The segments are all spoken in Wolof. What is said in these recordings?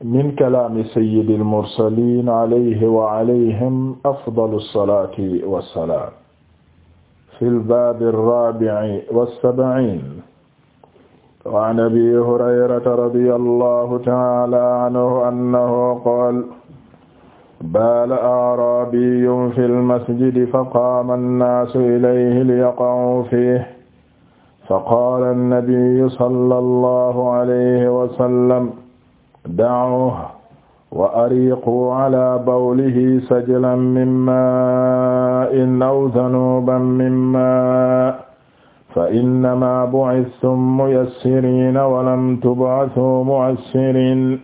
min kalaami sayyidil mursaliin alayhi wa alayhim afdalu salaati wa salaam. fil baabi raabi'i wa saba'iin. wa an abii hurayrata radiyallaahu ta'aalaa anhu annahu qaala baala a'raabiyyun fil masjidi faqaama an-naasu ilayhi liyaqa'uu fiihi. faqaala an-nabiyyu sallallaahu alayhi wa sallam. da'uhu wa ariqu ala bawlihi sajlan min ma'in aw dhanuban min ma' fa innama bu'ithtum muyassirin wa lam tub'athu mu'assirin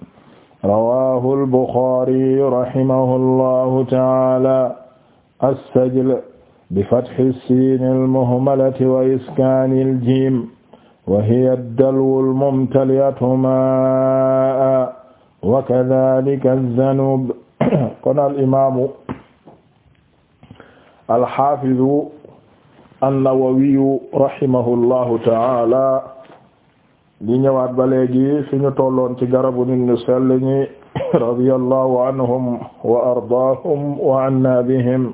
rawahu al-Bukhari rahimahullahu ta'ala as-sajl bi fathi as-sin al-muhmalati wa iskani al-jim wa hiya dalwu almumtaliatu maa wa kadhalika aldanub kon alimamu alxafidu annawawiyu rahimahu llahu taala di ñëwaat ba léegi fi ñu tolloon ci garabu nit ñu sell ñi radiyallahu anhum wa ardaahum wa anna bihim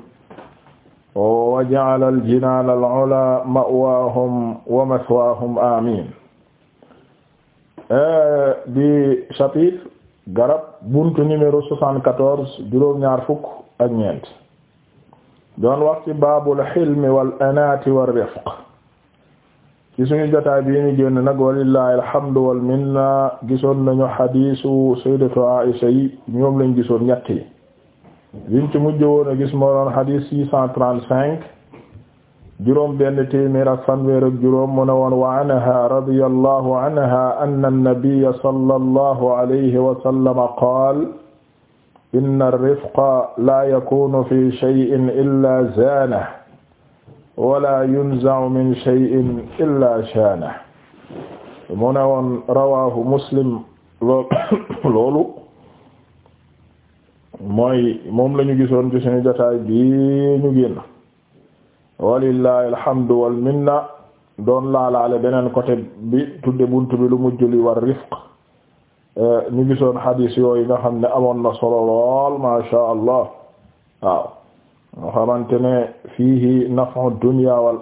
wa ja'ala al-jinaan al-'ulaa ma'waahum wa maswaahum amiin di chapitre garab buntu numéro soixante-quatorze juróom-ñaar fukk ak ñeent doon wax ci baabul hilmi wal anaati war rifq ci suñu jotaay bii ñu génn nag walillaahi alhamdu wal minna gisoon nañu xadiisu sayyidatu Aisha yi ñoom lañ gisoon ñett yi liñ ci mujj woon a gis moo doon xadiis six cent trente-cinq juróom benn téeméer ak fanweer ak juróom mu ne woon wa anha radiyallahu anha anna an-nabiyya sallallahu alayhi wa sallam qaala inna ar-rifqa la yakunu fi shay'in illa zaanahu wala yunza'u min shay'in illa shaanahu mu ne woon rawahu muslim loolu mooy moom lañu gisoon ci suñu jotaay bii ñu génn walillahi alhamdu wal minna doon laalaale beneen côté bi tudde buntu bi lu mujj li rifq eh, ñu gisoon xadiis yooyu nga xam ne amoon na solo lool ma sha allah waaw nga xamante ne fiihi naf'u dunya wal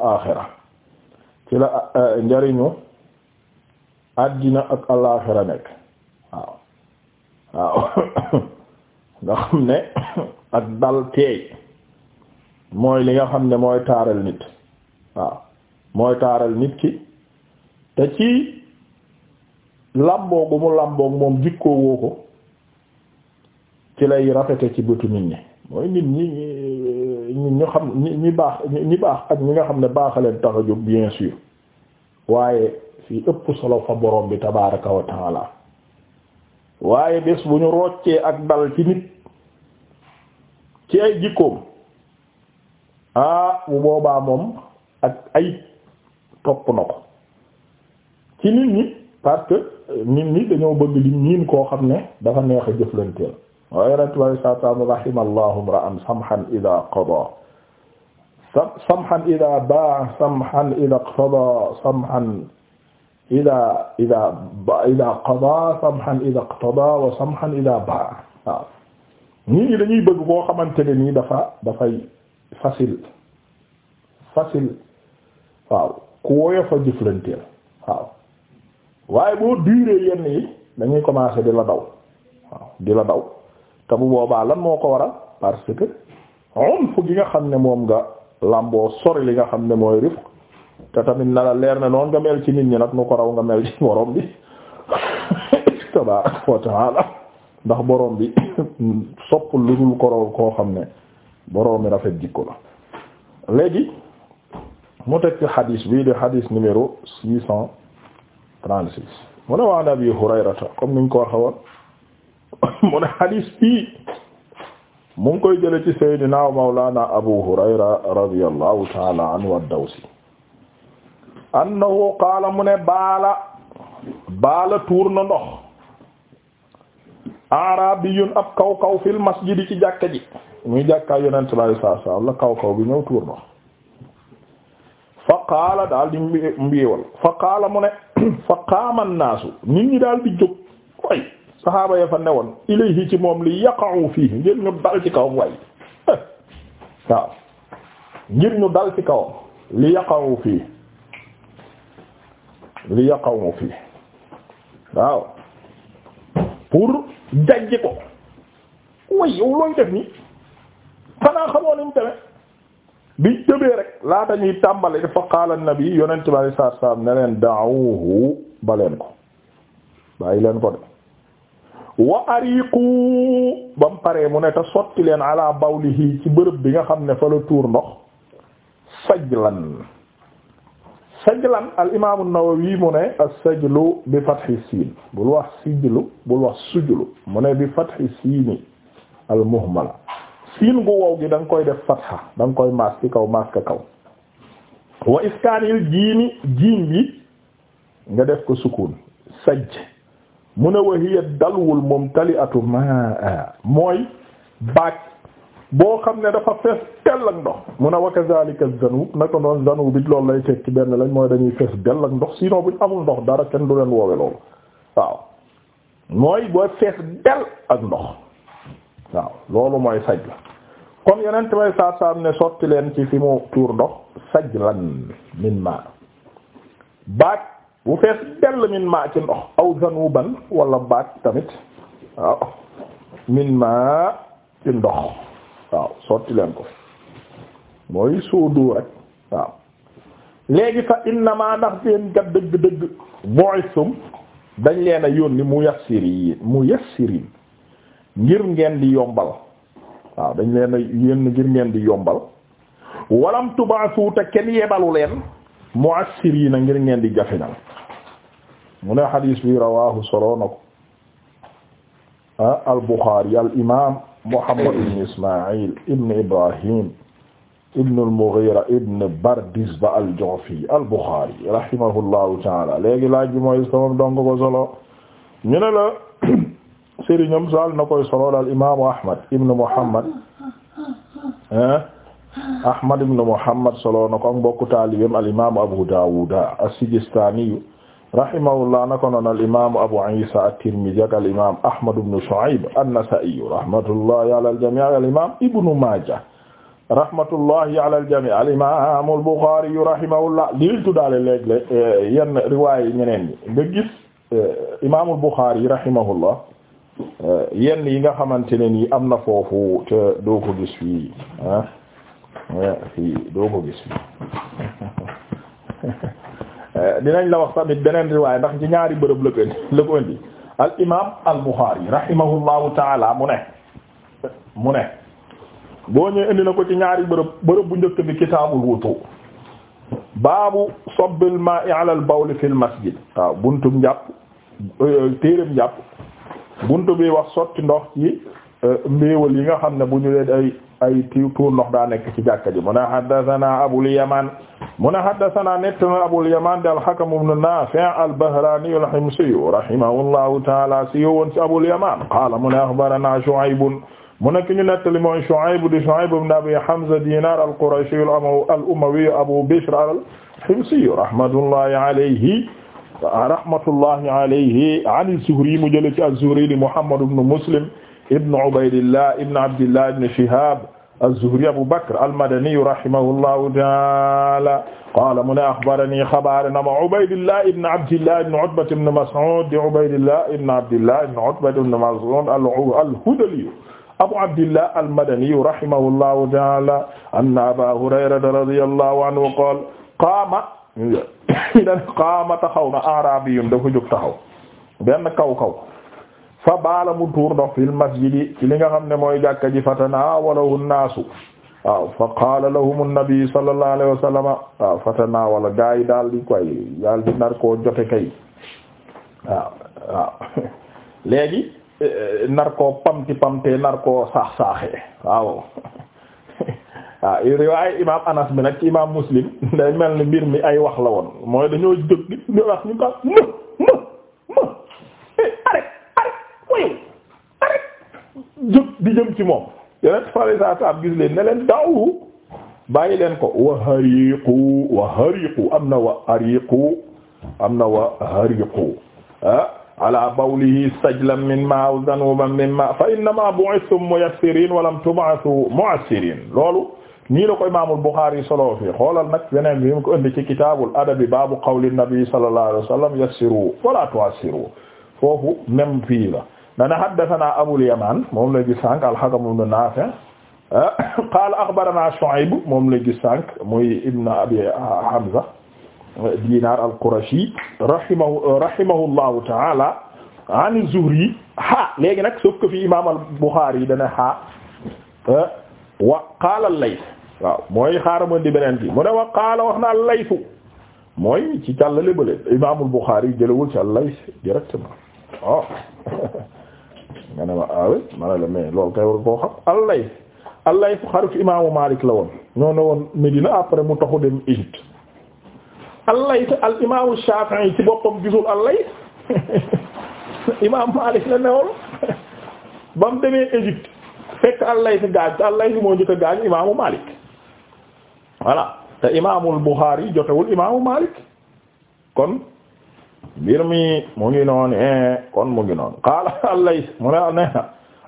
ci la eh, njariñu àddina ak alaaxira nekk waaw nga xam ne ak dal teey mooy li nga xam ne mooy taaral nit waaw mooy taaral nit ki te ci làmboo mu làmboo moom jikkoo ko ci lay rafete ci bëtu nit ñi mooy nit ñi ñi ñi ñi baax ñi baax ak ñi nga xam ne baaxaleen tax a jóg bien sûr waaye fii ëpp solo fa borom bi tabaaraka wa taala waaye bés bu ñu roccee ak dal ci nit ci ay jikkoom ah bu boobaa moom ak ay topp na ko ci nit ñi parce que nit ñi dañoo bëgg di miin koo xam ne dafa neex a jëflanteel waaye ratuwaayu saa saam rahimallahu imra'an samhan ida qada samhan ida baa samhan ida qada samhan ida ida ida qada samhan ida iqtada wa samhan ida ba waaw nii dañuy bëgg boo xamante ne nii dafa dafay facile facile waaw ku woyof a jëflanteel waaw waaye boo duree yenn yi dañuy commencer di daw waaw di daw te boobaa lan moo ko waral parce que on gi nga xam ne moom nga làmboo sori li nga xam ne mooy rifq te tamit na la leer ne noonu nga mel ci nit ñi nag nu ko raw nga mel ci borom bi tabaaraka wa taala ndax borom bi soppul lu dul ko raw ko xam ne borom mi rafet jikko la léegi mu teg ci xadiis bii di xadiis numéro six cent trente six mu ne waa Abi Hurayrata comme niñ ko xawoon mu ngi koy jële ci Seydina Mawlana Abu Hurayra radiyallahu taala anhu ad-Dawsi annahu qaala mu ne baala baala tuur na ndox arabiyun ab kaw kaw fil masjidi ci jàkka ji muy jàkkaay yonent bi alayhi salaatu salaam la kaw kaw bi ñëw tuur ndox fa qaala daal di mbiiwal fa qaala mu ne fa qaama naasu nit ñi daal di jóg way saxaaba ya fa newoon ilayhi ci moom li yaqa'u fii ngir ñu dal ci kaw way waaw ngir ñu dal ci kawam li yaqa'u fii li yaqaw fii waaw pour jajji ko way yow looy def nii xanaa xamoo ni mu teme tëbee rek laata ñuy tàmbali dafa qaala nabi bi alayhi salaatu salaam ne leen ba leen ko bàyyi leen ko de wa ariqu ba mu paree mu ne te sotti leen ala bawlihi ci bërëb bi nga xam ne fa la tuur ndox fajlan sajlan al imaamu Nawawi mu ne as-sajlu bi fathi siin bul wax sijlu bul wax sujlu mu ne bi fathi siini al muhmala siin gu wow gi da koy def fatha da koy maas ci kaw maas ka kaw wa iskaanil jiini jiin bi nga def ko sukun sajj mu ne wa hiya dalwul mumtali'atu ma'a mooy baak boo xam ne dafa fees dell ak ndox mun a wa kazalika zanub naka noonu zanub bi loolu lay teg ci benn lañ mooy dañuy fees dell ak ndox sinon ñu amul ndox dara kenn du leen woowe loolu waaw mooy booy fees dell ak ndox waaw loolu mooy saj la kon yeneen may ne sotti leen ci fi mu tuur ndox sajlan min ma baag bu fees dell min ma ci ndox aw zanuban wala baag tamit waaw min ma ci ndox waaw sotti leen ko mooy sóodoo rek waaw léegi fa innama ndax seen kat dëgg-dëgg bu'isum dañ leen a yónni mu yassiri mu yassiriin ngir ngeen di yombal waaw dañ leen a yónni ngir ngeen di yombal walam tubaasu te kenn yebalu leen mu'assiriin a ngir ngeen di jafinal mu ne xadiis bi rawaahu solo na ko ah, al Buxaari al imaam Muhammad ibn Ismaïl ibn Ibrahim ibn al ibn Bardizba al-Ju'fi al-Bukhari ta'ala léegi laaj bi mooy sama dong ko solo ñu ne la sëriñam sal na koy solo daal imaamu Ahmad ibn Muhammad Ahmad ibn Muhammad solo na ko ak mbokku taalibeem al imaamu Abu Dawud as-Sijistani rahimahullah nako noon alimamu abou isa at-Tirmidhi ak alimam ahmad ibn Shu'ayb an-Nasa'i rahmatullahi ala al-jami' alimam ibnu Maaja rahmatullahi ala al-jami' alimamu al-Bukhari rahimahullah lil tuddaale léeg-lé eh, yenn riwaay ñeneen ñi nga gis eh, imamu al-Bukhari rahimahullah eh, yenn yi nga xamante ne nii am na foofu te doo ko gis fii ah fii doo ko gis fii Eh, dinañ la wax tamit beneen riwaay ndax ci ñaari bërëb la ko indi la ko indi al imaam al buxaari rahimahullahu taala mu ne mu ne boo ñëwee indi na ko ci ñaari bërëb bërëb bu njëkk bi kitaabul wutu baabu sobbil maa'i ala al bawl fil masjid waaw buntu njàpp eh, téereem njàpp buntu bi wax sotti ndox ci eh, mbéewal yi nga xam ne bu ñu leen ay ay tuur ndox daa nekk ci jàkka ji mu ne haddathana Abul Yaman mu ne haddathana nettana Abul Yaman de al-Hakam ibn Nafi' al-Bahrani al-Himsi rahimahullahu ta'ala si yowoon si Abul Yaman qaala mu ne akhbarana Shu'ayb mu nekk ñu nettali mooy Shu'ayb di Shu'ayb ibn Abi Hamza Dinar al-Qurashi al-Umawi Abu Bishr al-Himsi rahmatullahi alayhi rahmatullahi alayhi an az-Zuhri mu jële ci az-Zuhri di Muhammad ibn Muslim ibn Ubaydillah ibn Abdillah ibn Shihab az-Zuhri Abu Bakr al-Madani rahimahullahu ta'ala qala mu ne akhbarani xabaare na ma Ubaydillah ibn Abdillah ibn Utba ibn Mas'ud di Ubaydillah ibn Abdillah ibn Utba ibn Mas'ud al-Hudali Abu Abdillah al-Madani rahimahullahu ta'ala anna Aba Hurayra radiyallahu anhu qala qaama qaama taxaw na a'rabiyun dafa jóg taxaw benn kaw kaw fa baala mu tuur ndox fil masjidi ci li nga xam ne mooy jàkka ji fatanaawalahu naasu waaw fa qaala lahum an-nabi wa sallam waaw fatanaawala gaa yi daal di koy daal di nar koo jote kay waaw waaw léegi eh, nar koo pamti pamtee nar koo saax saaxee waaw waaw ah, riwaay imaam Anas bi nag ci imaam Muslim day mel ni mbir mi ay wax la woon mooy dañoo jóg di wax ñu ko di jëm ci moom yeneen faraisatab gis leen ne leen daawu bàyyi leen ko wa hariqu wa hariqu am na wa hariqu am na wa hariqu ah ala bawlihi stajlan min ma aw zanuban min ma fa innama bu'ithtum muyassirin wa lam tub'athu mu'assirin loolu nii la ko imaamul Buxaari solo fi xoolal nag beneen bi mu ko indi ci kitaabul adabi baabu qawli nabi sallallahu alayhi wa sallam yassiru wa la tu'assiru foofu même fii la dana haddathana Abul Yamaan moom la gis sànq al-Hakam ibn Naafi' qaala akhbarana Shu'ayb moom la gis sànq muy ibn Abi Hamza Dinar al-Qurashi rahimahu rahimahullahu ta'ala an Zuhri ha léegi nag sauf que fi imaam al-Bukhari dana ha wa qaala al-Layth waaw mooy xaaral ma di beneen bi mu ne wa qaala wax na al-Layth mooy ci càllale bële imaamul Bukhari jëlewul ci al-Layth directement oh nga ne ma awe ma ne la mais loolu kay war xam allay allay fu xaritu imaamu Malik la woon ñoo ne woon Medina après mu taxu dem Égypte allay te al imaamu Shafi'i ci boppam gisul allay imaam Malik la ne woon ba mu demee Égypte fekk allay fi gaañ te fi moo njëkk a imaamu Malik voilà te imaamul Bukhari jotewul imaamu Malik kon mbir mi mu ngi noonu eh, kon mu ngi noonu qaala allays mu ne neena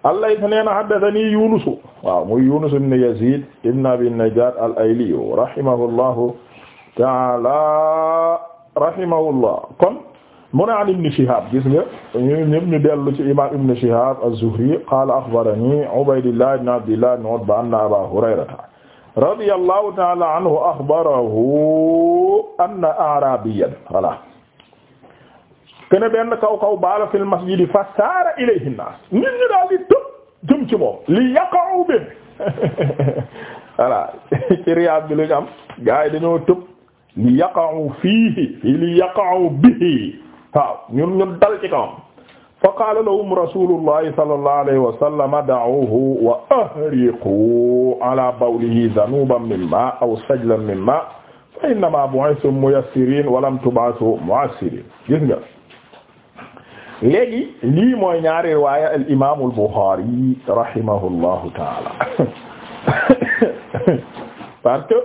allays neena haddathanii Yunus waaw muy Yunus ibn Yazid ibn Abi Najjar al-Ayli rahimahullahu ta'ala rahimahullah kon mu ne an Ibn Shihab gis nga ñu ñëpp ñu dellu ci imam Ibn Shihab az-Zuhri qaala akhbaranii Ubaydullah ibn Abdillah ibn Utba anna Aba Hurayrata radiyallahu ta'ala anhu akhbarahu anna a'rabiyyan voilà kene benn kaw kaw baala fil masjidi fa saara ilayhi naas nit ñi daal di tëb jëm ci moom li yaqa'u bi voilà ci riyaab bi lu ñu am gars yi dañoo tëb li yaqa'u fiihi fii li yaqa'u bihi waaw ñun ñun dal ci kawam fa qaala lahum rasulullahi sallallahu alayhi wa sallam da'uuhu wa ahriqu ala bawlihi dhanuban min ma aw sajlan min ma fa innama bu'ithum muyassirin wa lam tub'athu mu'assirin gis nga léegi lii mooy ñaari riwaaya al imaamu al Buxaari rahimahullahu taala parce que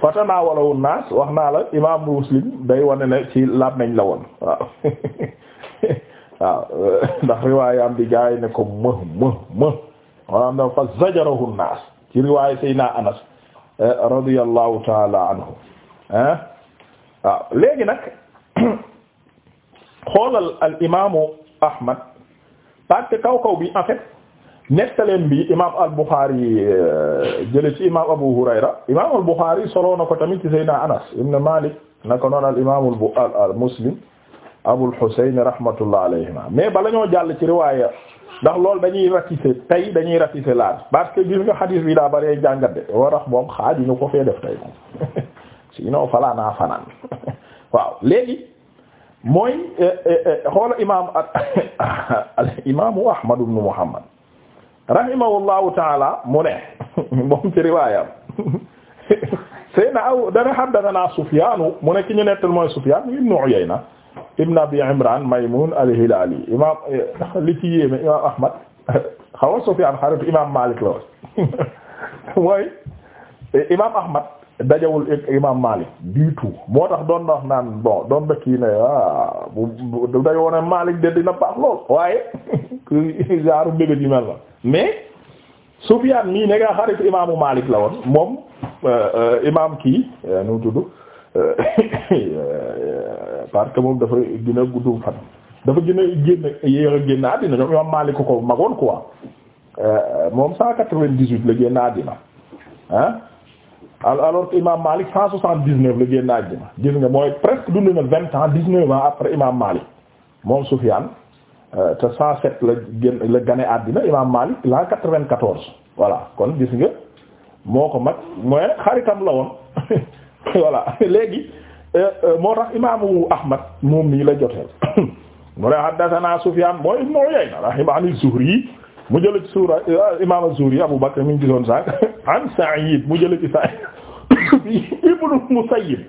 fatanaa walawu naas wax naa la imaamu Muslim day wane ne ci laab nañ la woon waaw waaw ndax riwaayaam bi gaa yi ne ko më më më fa zajarahu naas ci riwaaya Seydina Anas eh, radiyallahu taala anhu eh. léegi nag xoolal al imaamu Ahmad parce que kaw kaw bi en fait nettaleen bi imaam al Bukhari euh, jële ci imaam Abu Hurayra imaam al Bukhari soloo na ko tamit ci Seydina Anas ibn Malik naka noonu al imaam al Muslim Abul Husayn rahmatullah alayhima mais bala ñoo jàll ci riwaaya ndax loolu dañuy ratisser tey dañuy ratisser laaj parce que gis nga xadiis bi daa bëree jàngate war ax moom xaaju ñu ko fee def tey moom sinon falaa naa fanaan waaw léegi mooy eh, eh, eh, xoola imaam al imaamu Ahmad ibn Muhammad rahimahullahu taala mu ne moom ci riwaayam aw dana haddathana Sufyaan mu ki ñu nettal mooy Sufyaan ibn Uyayna ibn Abi Imraan Maymuun imaam Ahmad xawa Sufyaan xaritu imaam Maalik la mooy imaam Ahmad dajawul imam Malik du moo tax doon na wax naan bon doon na kii ne ah bu dajoo ne Malik de dina baax lool waaye genre mbébét yi mel la mais Sufyaan mii ne nga xarit imaamu Malik la woon moom euh, euh, imam kii euh, nu mu tudd moom dafa gën a guddum fan dafa gën a génn yéex a génn àddina ñoom imam Malik ko magoon quoi moom cent quatre-vingt-dix-huit la génn àddina ah alors que imam Malik cent soixante-dix-neuf la génn àddina gis nga mooy presque dund na vingt ans dix-neuf ans après imam Malik moom Sufyan euh, te cent sept la génn la gane àddina imam Malik la quatre-vingt-quatorze voilà kon gis nga moo ko mag mooy xaritam la woon voilà léegi euh, euh, moo tax imaamu Ahmad moom nii la joteel mu ne haddathana Sufyan mooy ibnu Uyayna rahimahullah an-Zuhri mu jële ci suura euh, imam az-Zuhri Abu Bakr mi ngi gisoon sànq an Sa'id mu jële ci Sa'id ibnu Musayyib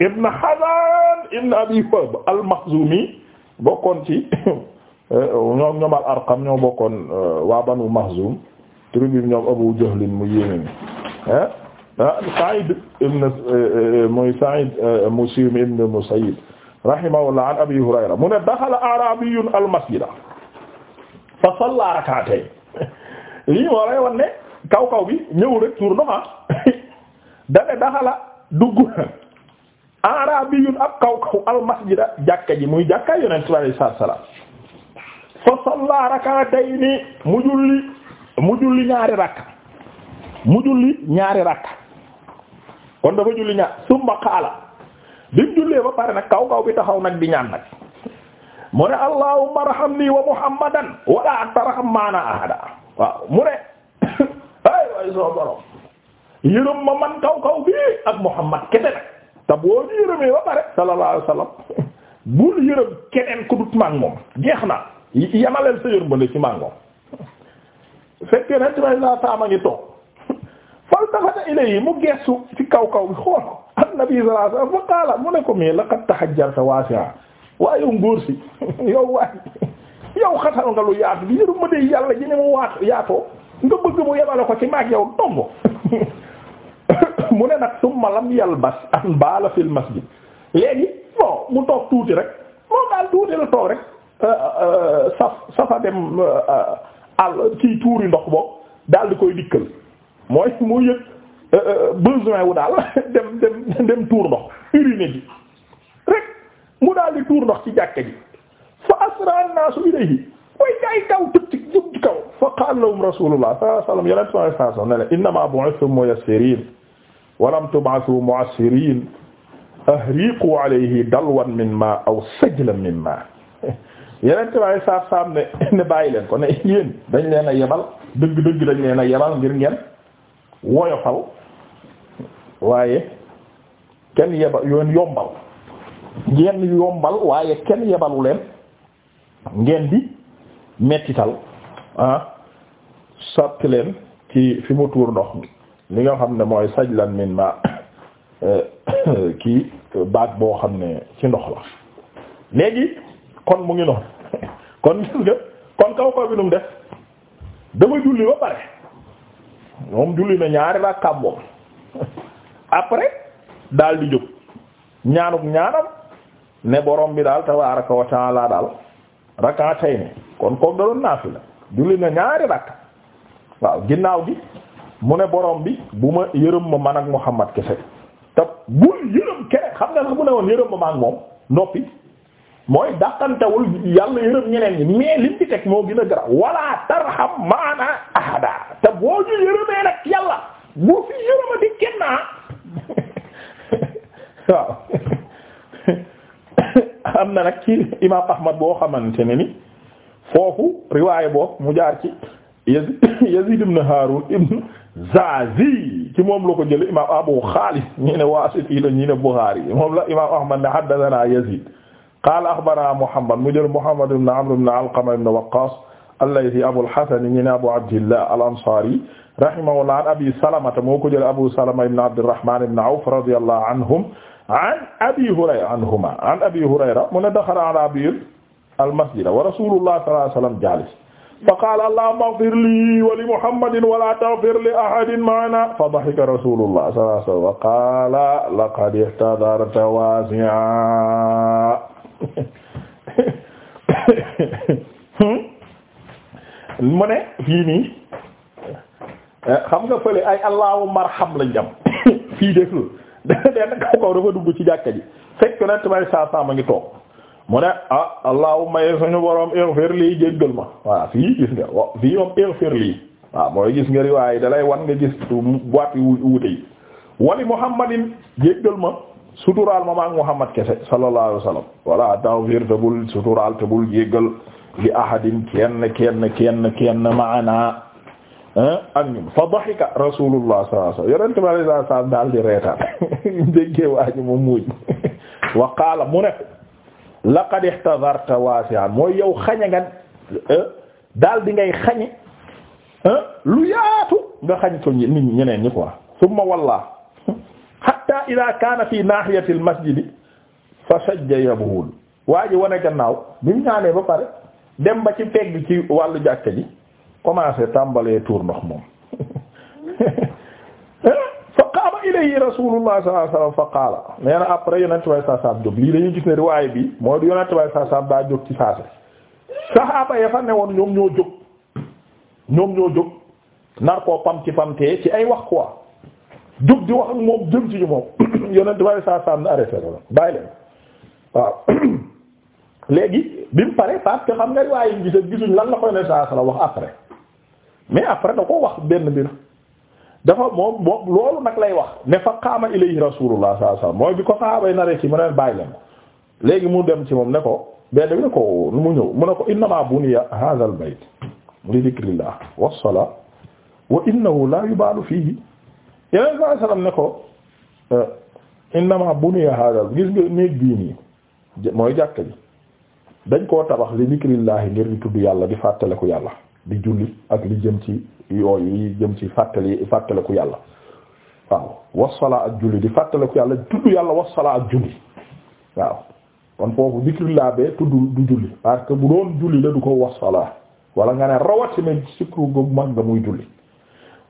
ibn Hazan ibn Abi Wahb al-Makhzumi bokkoon ci euh, ñoom ñoom al-Arqam bokkoon euh, waa Banu Makhzum tribu bi ñoom Abu Jahl mu yéene ni ah Sa'id ibn muy Sa'id Muslim ibn Musayyib rahimahullah Abi Hurayra mu ne daxala al-masjida fa salla rak'atayn lii moo lay kaw kaw bi ñëw rek tur ndox da ne daxala dugg arabiyun ab kaw kaw al jàkka ji muy jàkkaay yonent bi alayhi salaam fa salla rak'atayn mu julli mu julli ñaari rakk mu julli ñaari rakk kon dafa julli ñaar summa qaala bi mu jullee ba pare nag kaw kaw bi taxaw nag di ñaan nag mu ne allahumma arhamni wa muhammadan wala tarham maana ahada waaw mu ne ay waay soo borom yërëm ma man kaw kaw bi ak muhammad kese nag te boo yërëmee ba pare sallallahu alayhi wasallam bul yërëm keneen ku dut maag moom jeex na yamaleel sa yërmande ci maag moom fekkee nag may laa saama ngi toog faltafata ilayhi mu geestu ci kaw kaw bi xool annabi sallallahu alayhi wasallam fa qaala mu ne ko mais laqad tahajjarta wasi'a waa yow ngóor si yow waay yow xatal nga lu yaatu yëru ma dee yàlla ji ne mu waat yaatoo nga bëgg mu yebale ko ci maag yow dong mu ne nag summa lam yalbas an baala fil masjid léegi bon mu toog tuuti rek moo daal tuuti la toog rek euh, euh, saf safa dem euh, àll ci tuuri ndox boo daal di koy dikkal mooy mu yëg besoin wu daal dem dem dem tuur ndox urine ji mu daal di tuur ndox ci jàkka ji fa asra an-naasu ilayhi mooy jaay kaw tëb ci jub ci kaw fa qaala lahum rasuulullah sallallahu alayhi wasallam yeneen sallallahu alayhi wasallam ne leen innamaa bu'ithtum muyassiriin wa lam tub'athuu mu'assiriin ahriqu alayhi dalwan min maa aw sajlan min maa yeneen sallallahu alayhi wasallam ne ne bàyyi leen ko ne yéen dañ leen a yebal dëgg dëgg dañ leen a yebal ngir ngeen woyofal waaye kenn yebal yoon yombal. ngeen yombal waaye kenn yebalu leen ngeen di mettital ah sotti leen ci fi mu tuur ndox mi li nga xam ne mooy sajlan min ma kii baat boo xam ne ci ndox la léegi kon mu ngi noonu kon gis nga kon kaw kaw bi nu dama julli ba pare moom julli na ñaari la kàmboom après daal di jóg ñaanuk ñaanam ne borom bi daal tabaaraka wa taala daal rakatay ne kon koog da doon naafila julli na ñaari rakk waaw ginnaaw gi mu ne borom bi bu ma yërëm ma man ak Muhammad kese te bul yërëm keneen xam nga sax bu ne woon yërëm ma ma ak moom noppi mooy dàqantewul yàlla yërëm ñeneen ñi mais lim ci teg moo gën a gara wala tarham maana ahada te boo ñu yërëmee nag yàlla bu fi yërëma di kenn waaw am na nag ci imaam Ahmad boo xamante ne ni foofu riwaay boobu mu jaar ci Yazid ibn Harun ibn Zazi ci moom la ko jëlee imaam Abu Khalid ñi ne Wasiti la ñi ne Bukhari moom la imaam Ahmad ne haddathana Yazid qaala akhbarana Muhammad mu jël Muhammad ibn Amr ibn Alqama ibn Waqqas allayhi Abul Hasan ñi ne Abu Abdillah al-Ansari rahimahullah an Abi Salamata moo ko jëlee Abu Salama ibn Abdurrahman ibn Awf radiyallahu anhum an abi hurayra anhuma an abi hurayra mu ne daxala ala abiil al masjida wa rasulullah sallallahu alayhi wa sallam jaalis fa qaala allahumma ighfir li wa li muhammadin wa la taghfir li ahadin ma'ana fa dahika rasulullah sallallahu alayhi wa sallam wa qaala laqad ihtadarta wasi'a hmm? mu ne fii nii eh, xam nga fële ay allahumma arham lañ jam fii def benn kaw kaw dafa dugg ci jàkka ji fekk yonent bay saa saa ma ngi toog mu ne a ah, allahumma ye suñu borom ighfir lii jéggal ma waaw fii gis nga wa fii moom ighfir lii waaw mooy gis nga riwaay dalay wan nga gis boite wuute yi wali muhammadin jéggal ma suturaal ma maak muhammad kese sallallahu alayhi wa sallam wala tawfir te bul suturaal te bul jéggal li ahadin kenn kenn kenn kenn maana ak ñun fa dahika rasulullah sallallahu alayhi wasallam yonent daal di reetaan déggee waaji mu muuñ wa mu ne laqad ihtadarta wasi'an mooy yow xañe nga daal di ngay xañe lu yaatu nga xañ ko nit ñeneen ñi quoi summa walla hatta ida kaana fi nahiyati al fa sajja yabul waa wane gannaaw bi ñaanee ba pare dem ci pegg ci wàllu jàkka ji commencé tàmbalee tuur ndox moom fa qaama ilayhi rasulullah sallallahu alayhi wasallam fa qaala nee na après yonent bay saa saab jóg lii dañuy gis ne riwaay bi mooy du yonent bay saa saab daa jóg ci saase saxaaba ya fa ne woon ñoom ñoo jóg ñoom ñoo jóg nar koo pam ci pamtee ci ay wax quoi jóg di wax ak moom jëm ci ñu moom yonent bay saa saab na arrêté la bàyyi leen waaw léegi bi mu pare parce que xam riwaay yi gis gisuñ lan la koy ne saa saa wax après mais après da ko wax benn bi dafa moom moom loolu nag lay wax ne fa qaama ilayhi rasulullah sallallahu alayhi wasallam mooy bi ko saxaabay naree ci mu ne bàyyi leen léegi mu dem ci moom ne ko benn bi ne ko mu ñëw mu ne ko innama buniya hadha al bayt li dhikrillah was salaa wa innahu la yubalu fii yeneen sallallahu alayhi wasallam ne ko euh, innama buniya hadha gis nga néeg bii nii mooy jàkk ji dañ koo tabax li dhikrillah ngir di tudd yàlla di fàttale fàttaliku yàlla di julli ak li jëm ci yooyu yi jëm ci fàttali fàttaliku yàlla waaw wassalaa ak julli di fàttaliku yàlla tudd yàlla wassalaa ak julli waaw kon foofu zikrillaa bee tudd du julli parce que bu doon julli la du ko wassalaa wala nga ne rawatina sikru gu mag ga julli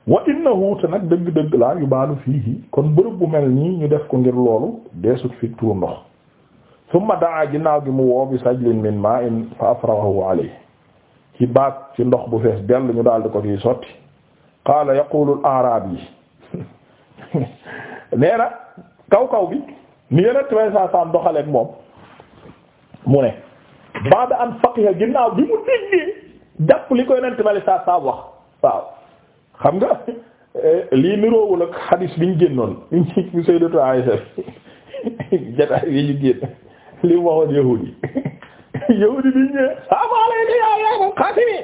wa innahu te nag dëgg-dëgg laa yu baalu fii kon bërëb bu mel nii ñu def ko ngir loolu deesut fi tuur ndox summa daa ginnaaw gi mu woo bi sajlin min ma'in fa afrahu alayhi ci baag ci ndox bu fees dell ñu daal di ko ciy sotti qaala yaqulu al-a'rabi nee na kaw kaw bi ni yeneen trois cent cent doxaleeg moom mu ne. ba'da an faqiha ginnaaw bi mu déggee jàpp li koy nent mali saa saa wax waaw xam nga eh, lii niroowul ak xadiis bi ñu génnoon ñu Sayyidatu ñu génn li mu waxoon yahuud yi yahudi bi ñëwee assalamu alaykum yaa yaa xaatimi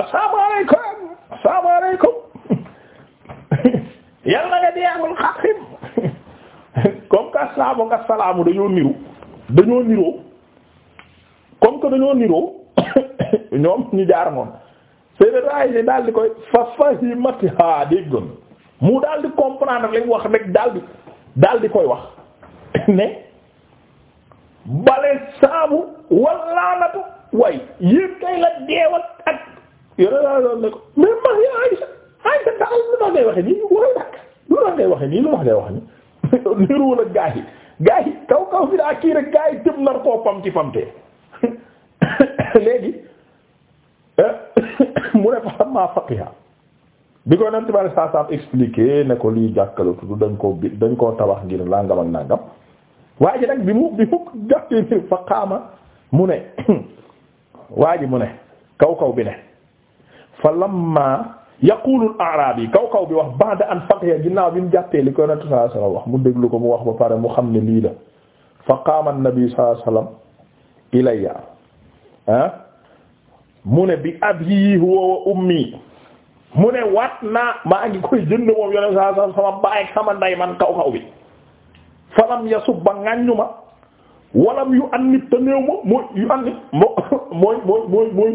assalamu alaykum assalamu alaykum yàlla nga comme que assalamu nga salaamu dañoo niru dañoo niroo comme que dañoo niroo ñoom ñu jaar moom Sayyida Aisha daal di koy fa fahimatha déggoon mu daal comprendre lañ wax rek daal di koy wax ne bale saabu wallaanatu way yéen kay la deewal ak yore laa doon ne ko mais maa ya Aïcha Aïcha daal lu ma ngay waxe nii lu ma ngay waxe nii lu ma ngay waxe nii niruwul ak gaa yi gaa yi kii rek gaa yi tëb nar koo pamti pamtee léegi eh, mu ne faramma faqiha bi ko saa saam expliqué ne ko lii jàkkala tudd dañ koo bi dañ koo tabax ngir nangam ak nangam waa ji bi mu bi mu jàppee bi fa qaama mu ne waa ji mu ne kaw bi ne fa lamma yaqulu al-a'rabi kaw kaw bi wax ba'da an faqiya ginnaaw bi mu jàppee li ko yonent sallallahu alayhi wasallam wax mu déglu ko mu wax ba pare mu xam ne lii la fa qaama an-nabi sallallahu alayhi wasallam ilayya ah mu ne bi abiihi wa ummi mu ne waat naa maa ngi koy jënd moom yonent sallallahu alayhi wasallam sama baay ak sama nday man kaw bi falam yasub ba ŋàññu ma walam yu annit te néew ma mooy yu annit mooy mooy mooy mooy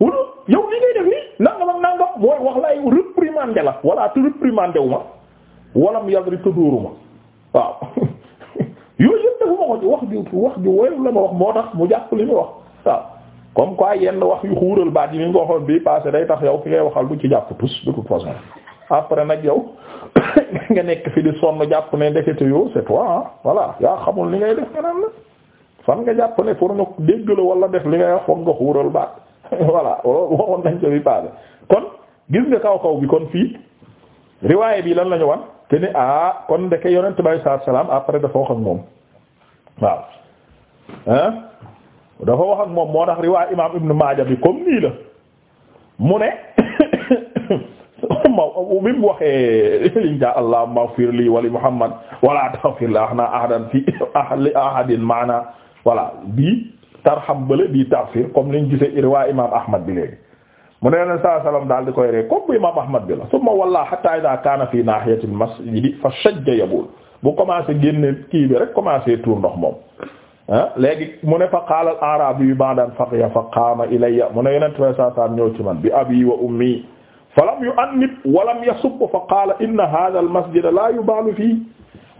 wala yow li ngay def nii nangam ak nangam mooy wax la ay la walla te réprimander ma walam yadri te dóoru waaw yooyu yëpp dafa ko wax ju wax ju woyul la ma wax moo tax mu jàpp li mu wax waaw comme quoi yenn wax yu xuural baat yi ni nga waxoon bii passé day tax yow ki ngay waxal bu ci jàpp tous de toute façon après nag yow nga nekk fi di sonn jàpp ne ndekete yoo c'est toi ah yaa xamul li ngay def nga naan la fan nga jàpp ne pour nga dégg la wala def li ngay wax foog nga xuural baat voilà waxoon nañ ko bi passé kon gis nga kaw kaw bi kon fii riwaay bi lan la ñu wan te ni ah kon ndeke yonent bi saa salaam après dafa wax moom waaw ah dafa wax moom moo tax riwaay imaam Ibn Maaja bi comme nii la mu ne. maw bi mu waxee liñ jaa allahumma ighfir li wali muhammad wala taghfir li ahadan fi li ahadin maana voilà bii tarham bële bii tafsir comme liñ irwa imam ahmad bi léegi mu ne leen saa salaam daal di koy ree comme bu imam ahmad bi la summa walla hatta idha kaana fi nahiyatil masjidi fa shajja yabul bu commencé génne kii bi rek commencé tuur ndox moom ah mu ne fa qaala al arabi yu ba'dan faqiya fa qaama ilayya mu ne yeneen saa saa ñëw bi abi wa ummi falam yu'annib walam yasub fa qaala inna hadha al masjida la yubalu fihi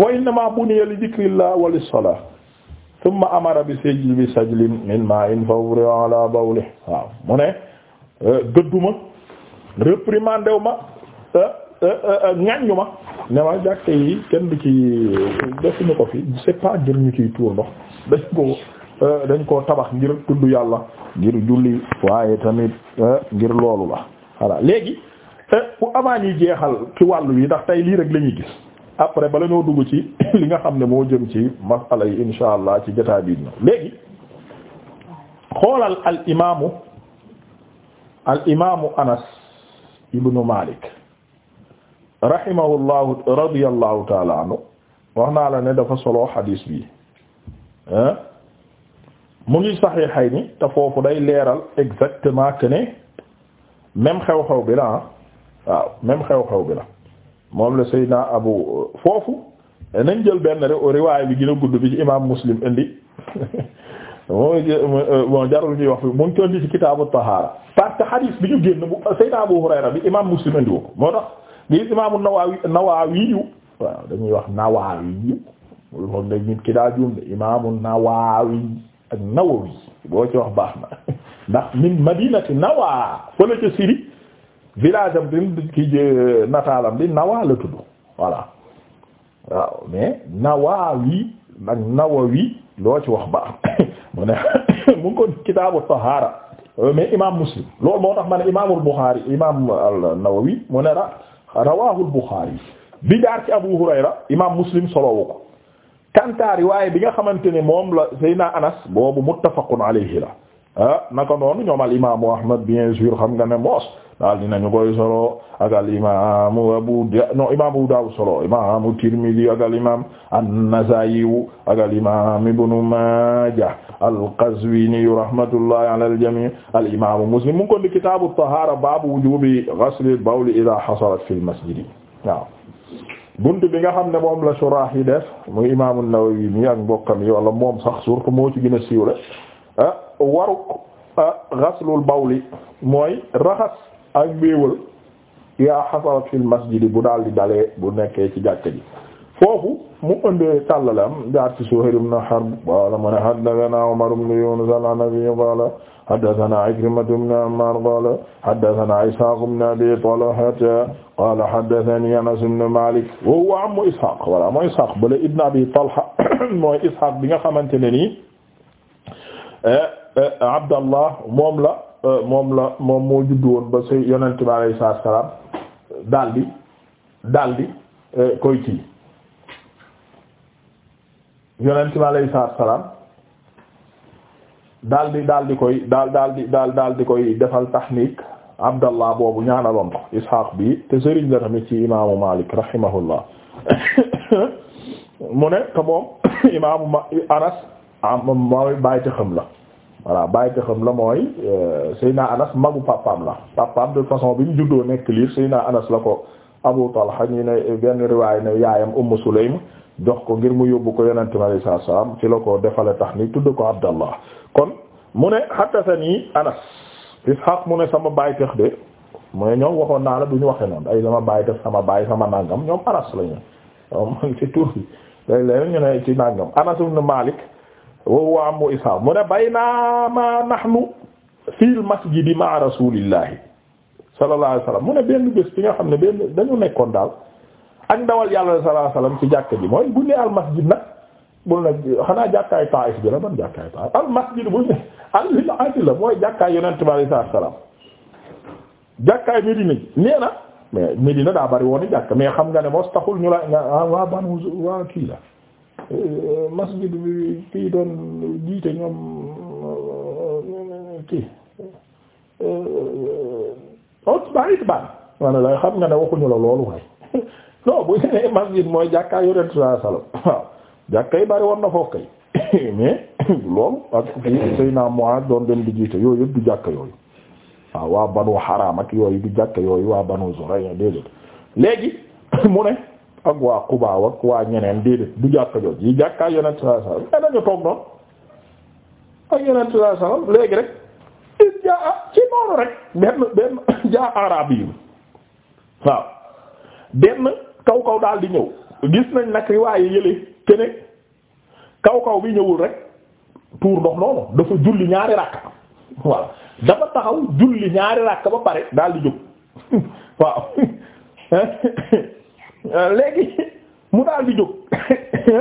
wa innama buniya li dhikrillah wa lis-salah thumma amara bi sijli bi sajlin min ma'in fawriya ala bawli waaw mu ne euh, gëdduma réprimandé wu ma ñaññu euh, euh, ma ne ma jàkke yi kenn du ci defuñu ko fii c'est pas ngir ñu ciy tuur ndox dañ ko koo tabax ngir tudd yàlla ngir julli waaye tamit ngir loolu la voilà léegi pour avant ñuy jeexal ci wàllu wi ndax tey lii rek la ñuy gis après bala dugg ci li nga xam ne moo jëm ci masala yi insha allah ci jotaay bi ñëw léegi xoolal al imaamu al imaamu Anas ibnu Malik rahimahullahu radiyallahu taala wax naa la ne dafa solo xadiis bi mu ngi saxiixay ni te foofu day leeral exactement que ne même xew-xew bi la waaw même xew-xew bi la moom la Seydina Abu foofu nañ jël benn riwaay bi gën gudd bi ci imaam Muslim indi euh, bon jarul ñuy wax fi mu ngi ko indi ci kitaabu tahaara parce que bi ñu génn bu Seydina Abu Hurayra bi imaam Muslim indi ko moo tax gis imaamu Nawawi Nawawi yu waaw dañuy wax Nawawi yu moom nag nit ki daa juum de imaamu Nawawi ak Nawawi boo ci wax baax na ndax min madinati Nawa fële ca Syrie village am bi nataalam bi nawaa la tudd voilà waaw mais nawaawi ak nawawi loo ci wax baax mu ne mu ngi kitaabu tahaara euh, mais imam muslim loolu moo tax ma ne imaamul buxaari imam mu ne ra rawaahul buxaari bi jaar ci abu hurayra imam muslim solowu ko kantaar waaye bi nga xamante ne moom la sayna anas boobu muttafaqun alayhi ah naka noonu ñoom al imaamu Ahmad bien sûr xam nga ne moos daal dinañu koy solo ak al imaamu Abu Da non imaamu Dawud solo imaamu Tirmidhi ak al imaam An-Nasa'i ak al imaam Ibnu Maaja al-Qazwini rahmatullahi ala al-jami' al imaamu Muslim mu ngi ko di kitaabu tahaara baabu wujuubi ghasli al-bawl idhaa hasalat fil masjid waaw. bunt bi nga xam ne moom la suraax yi def muy imaamu Nawawi mi ak mbokkam yi wala moom sax surtout moo ci gën a siiwle Ah, waruk ah, ghaslul bawli mooy raxas ak béewal yaa xasarat fil masjid bu daal di dalee bu nekkee ci jàkka ji foofu mu ëndee tàllale am jaar ci Suhayl ibn Harb qaala mu ne haddathana Umar ibn Yunus an-Nabiyyi qaala haddathana Ikrimatu ibn Ammar qaala haddathana Ishaq ibn Abi Talha qaala haddathani Anas ibn Malik wa huwa ammu Ishaq wala mooy Ishaq bale ibn Abi Talha mooy Ishaq bi nga xamante ne nii Eh, eh, Abdallah moom la eh, moom la moom moo judd woon ba say yonent bi alayhi salaam daldi daldi koy kii yonent bi alayhi salaam daldi daldi koy dal daldi daal di koy defal tahnik Abdallah boobu ñaanaloon ko Ishaq bi te sëriñ la tamit ci imaamu Maalik rahimahullah mu ne te moom imaamu Anas ah, mooy bàyyi te la. voilà bàyyi ko xam la mooy euh, Seydina Anas magu papaam la papaam de façon bi mu juddoo nekk liir Seydina Anas la ko Abu Talha ñu ne benn riwaay ne yaayam Umm Sulaym jox ko ngir mu yóbbu ko Yonent mi alayhi salaatu salaam ci la ko defale tax ni tudd ko Abdallah kon mu ne haddathanii Anas Ishaq mu ne sama baay tex de mu ne ñoom waxoon naa la du ñu waxee noonu ay sama bàyyi tex sama bàyyi sama nangam ñoom Anas la ñu ci tur bi léeg ñu ne ci nangam Anas ibn Malik wa amu Ishaq mu ne baynama nahnu fil masjidi ma'a rasulillahi sallallahu alayhi wasallam mu ne benn bés bi nga xam ne benn dañu nekkoon daal ak ndawal yàlla sallallahu alayhi wasallam ci jàkka ji mooy bu ne al masjid nag bul nag xanaa jàkkaay Taif bi la ban jàkkaay Taif al masjid bu ne al lil aati la mooy jàkkaay yonent bi alayhi salaam jàkkaay Medina ji nee na mais Medina daa bari woon i mais xam nga ne mos taxul ñu la nga ah, waa ban waa kii la Euh, masjid bi kii doon jiite ñoom euh, kii Utba euh, Itbaan ma ne la xam nga ne waxuñu la loolu waaye non bu ñu masjid mooy jàkkaay yonent saa salo waaw jàkkaay bari woon na foofu kay mais loolu ak kii Seydina Muaad doon dem di jiite yooyu yëpp du jàkka yooyu waaw waa Banu Haraam ak yooyu du jàkka yooyu waa Banu Zuray' déedéet léegi mu ne ak waa Quba ak du jàkka jot yi jàkkaay yonent sallallahu alayhi wasallam léegi rek it jaa waaw benn kaw kaw daal di ñëw gis nañ nag riwaaye yële kene kaw kaw bi ñëwul rek tuur ndox noonu dafa julli ñaari ràkka voilà dafa taxaw julli ñaari ràkka ba pare daal di jóg waaw Euh, léegi mu daal di jóg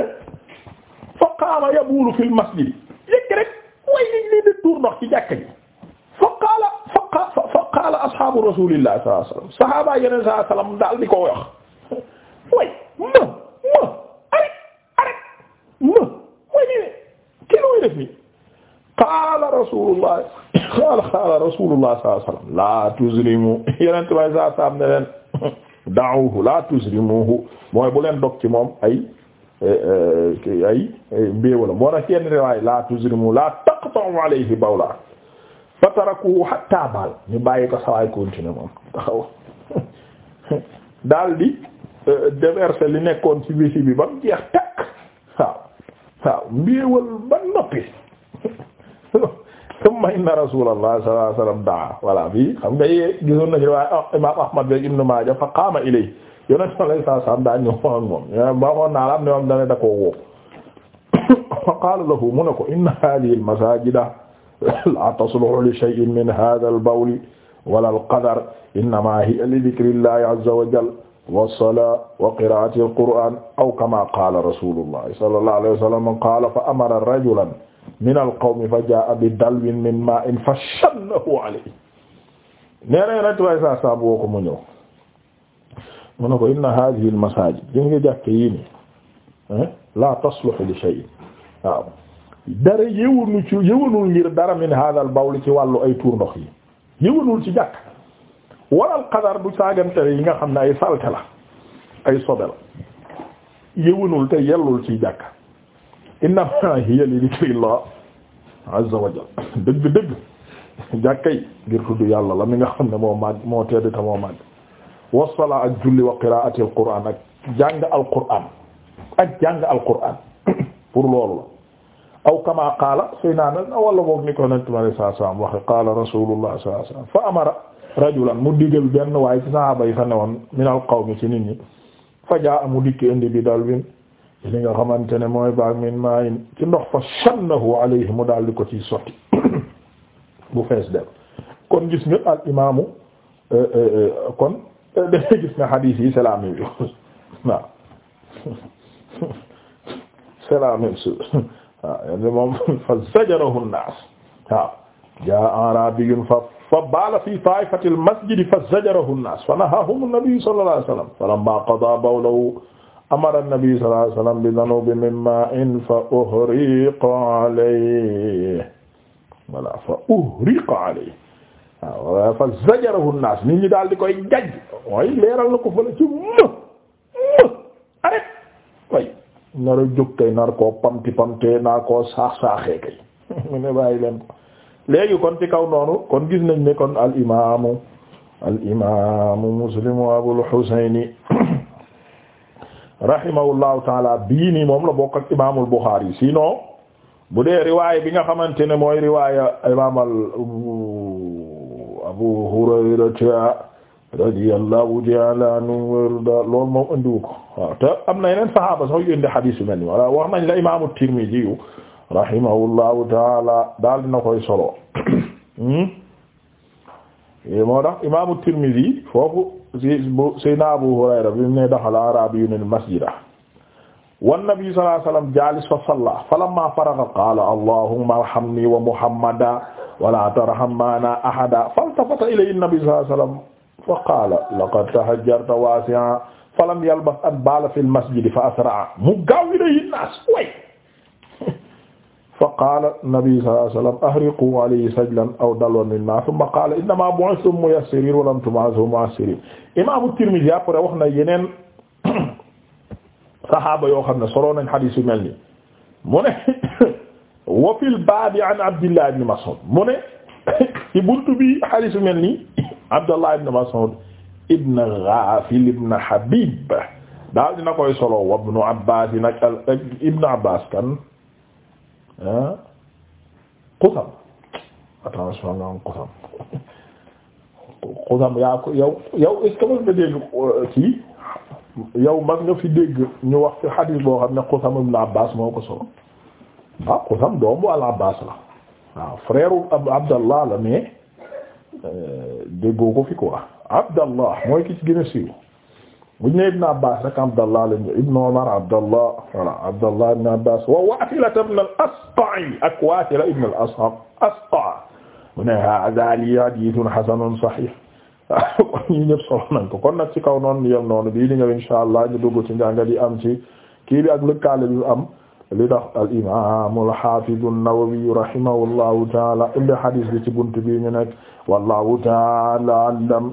fa qaama yabuulu fil masjid yëkk rek way liñ lii di tuur ndox ci jàkk ji fa qaala fa fa qaala ashaabu rasuulillah sallallahu alayhi wasallam sahaaba yeneen sallallahu alayhi wasallam daal di ko wax way ma ma arrête arrête ma way nii ki looy def nii qaala rasuulullah qaala qaala rasuulullah sallallahu alayhi wasallam laa tuzlimu yeneen sallallahu alayhi wasallam ne leen da'uhu la tuzrimuhu mooy bu leen dog ci moom ay eh, eh, ay mbéewala moo tax kenn riwaay la tuzrimu la taqta'u alayhi bawla fatarakuhu hatta baal ñu bàyyi ko sawaay continuer moom taxaw eh, li nekkoon ci wisi bi ba mu jeex takk waaw waaw mbéewal ba noppi summa inna rasulallah sallallahu alayhi wasallam daa voilà bii xam nga yee gisoon nañu waaye ah, imaam Ahmad beeg Ibn Maaja fa qaama ilay yonent sallallahu alayhi wasallam daa ñëw ak moom baaxoon naa la am ne moom dana da koo woo fa qaala lahu mu ne ko inna haadihi al-masaajida laa tasluhu li shay'in min haadha al-bawli wala al-qadar innamaa hiya li dhikrillahi azza wa jalla wassalaa wa qiraa'ati al-qur'aan aw kamaa qaala rasulullah sallallahu alayhi wasallam qaala fa amara rajulan min alqawmi fa jaa bi dalwin min ma'in fa shannahu alayhi nee na yonent way saa saa boo ko mu ñëw mu ne ko inna hadhihi almasajid di nga jàkke yii nii la tasluhu li shay'in waaw dara yëwanu ci yëwanul ngir dara min hadha al bawl ci wàllu ay tuur ndox yi yëwanul ci jàkk waral qadar bu saagantere yi nga xam ne ay salte la ay sobe la yëwanul te yellul ci jàkk innamaa hiya li dhikrillah azza wa jalla dëgg dëgg jàkkay ngir tudd yàlla la mi nga xam ne moo màgg moo tedd te moo màgg wassalaa ak julli wa qiraati al quraan ak jàng al quraan ak jàng al quraan pour loolu la aw kama qaala suy naana wala boog ni ko nent mi alay saa salaam waxe qaala rasulullah sallallahu alayhi wasallam fa amara rajulan mu digal benn waaye ci sahaaba yi fa newoon min al qawmi ci nit ñi fa jaa mu dikki indi bi dal bi ci li nga xamante ne mooy baag min maayin ci ndox fa shannahu alayhi mu daal di ko ciy sotti bu fees dem kon gis nga al imaamu euh, euh, euh, kon dangay gis nga xadiis yi c'est la même chose waaw c'est la même chose waaw moom fa zajarahu an-naas waaw jaa arabiyun fa fa baala fi taa'ifatil masjidi fa zajarahu an-naas fa nahahum an-nabi sallallahu alayhi wa sallam falamma qadaa bawlahu amara nabi sallallahu alayhi wasallam bi danubi min ma'in fa uhriqa alayhi fa uhriqa alayhi fa zajarahu an-nas daal di koy jaj way leeral na ko fële ci më më arrêt way nar a jóg kay nar koo pamti pamtee kay mu ne bàyyi leen ko kon ci kaw noonu kon gis nañ ne kon al imamu al imamu muslimu rahimahullahu taala bii moom la bokk ak imaamul Buxaari no bu dee riwaay bi nga xamante ne mooy riwaaya imaamal Abu Hurayrata radiyallahu ta'ala anhu warda moom andiwu ko waaw na yeneen sahaaba sax yu indi xadiis wala wax nañ la imaamu Tirmidi yu rahimahullahu daal dina koy solo hmm? moo tax imaamu Tirmidi foofu Seydina Abu Hurayra bi mu ne daxala arabiyyun al-masjida wan-nabiyyu sallallahu alayhi wa sallam jaalis fa salla falammaa faraga qaala allahumma arhamnii wa muhammadan wa laa tarham ma'anaa ahadan faltafata ilayhi an-nabiyyu sallallahu alayhi wa sallam fa qaala laqad tahajjarta waasi'an falam yalbas an baala fil masjidi fa asra'a mu gaaw ilayhi an-naas way fa qaala nabi sallallahu alayhi wa sallam ahriqu alayhi sajlan aw dalwan minmaa thumma qaala innamaa bu'ithtum muyassiriin wa lam tub'athuu mu'assiriin imaamu Tirmidhi après wax na yeneen saxaaba yoo xam ne solo nañ xadiis yu mel nii mu ne wa fil baabi an Abdillah ibn Mas'ud mu ne ci buntu bi xadiis yu mel nii Abdallah ibn Mas'ud ibn Ghafil ibn Habib daal dina koy solo wa ibn Abbas nag ibn Abbas kan xusam attention nga am xusam xusam yaa ko yow yow est-ce que mos nga dégg euh, nga fi dégg ñu wax ci xadiis boo xam ne xusam ibn Abbaas moo ko solo ah xusam doomu al Abbaas la waaw ah, frère ab Abdallah la mais euh, déggoo ko fi quoi Abdallah mooy ki ci gën a bu ñu nee Ibn Abbas rek Abdallah lañu Ibn Umar Abdallah voilà Abdallah Ibn Abbas wa Waasila ibn al-Asqa' ak Waasila ibn al-Asqa' mu ne haaza li hadiithun hasanun sahiih ñi ñëpp solo nañ ko kon nag ci kaw noonu yem noonu bii di ñëw inshaa Allah ñu dugg ci njàngat yi am ci kii bi ak lëkkaale bi am li tax al imaam al haafiz an-Nawawi rahimahullahu ta'aala indi hadiis bi ci buntu bii ñu nekk wallahu ta'aala a'lam